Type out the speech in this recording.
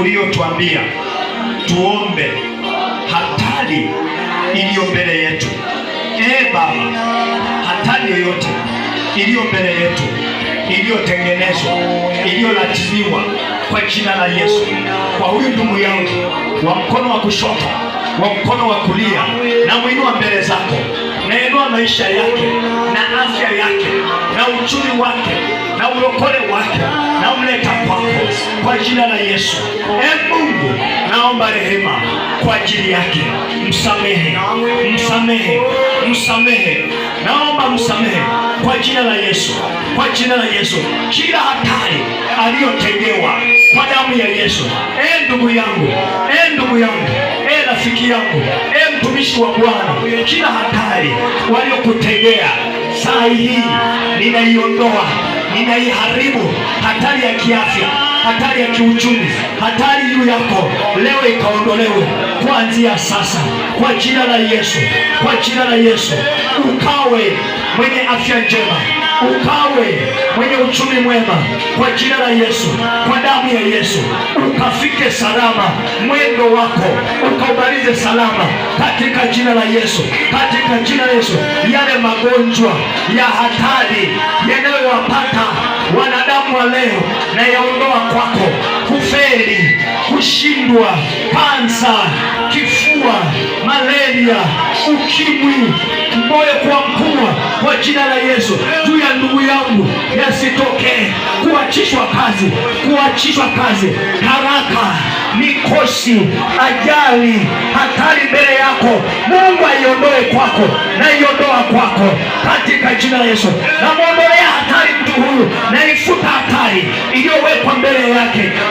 uliotuambia tuombe hatari iliyo mbele yetu. E Baba, hatari yoyote iliyo mbele yetu, iliyotengenezwa, iliyolatimiwa kwa jina la Yesu, kwa huyu ndugu yangu wa mkono wa kushoto, wa mkono wa kulia, na mwinua mbele zako, nainua maisha yake na afya yake na uchumi wake na uokole wake na umleta kwako kwa jina la Yesu. E Mungu, naomba rehema kwa ajili yake, msamehe, msamehe, msamehe, naomba msamehe kwa jina la Yesu, kwa jina la Yesu, kila hatari aliyotendewa kwa damu ya Yesu. E ndugu yangu, e ndugu yangu, e rafiki yangu, e mtumishi wa Bwana, kila hatari waliokutegea saa hii ninaiondoa inaiharibu. Hatari ya kiafya, hatari ya kiuchumi, hatari juu yako leo ikaondolewe kuanzia sasa, kwa jina la Yesu, kwa jina la Yesu. Ukawe mwenye afya njema, ukawe mwenye uchumi mwema, kwa jina la Yesu, kwa damu ya Yesu. Ukafike salama mwendo wako, ukaubalize salama katika jina la Yesu, katika jina la Yesu. Yale magonjwa ya hatari yanayowapata wa leo naiondoa kwako kufeli, kushindwa, kansa, kifua, malaria, ukimwi, moyo kuangua kwa jina la Yesu juu ya ndugu yangu yasitokee. Kuachishwa kazi, kuachishwa kazi haraka, mikosi, ajali, hatari mbele yako, Mungu aiondoe kwako, naiondoa kwako katika jina la Yesu na lacking.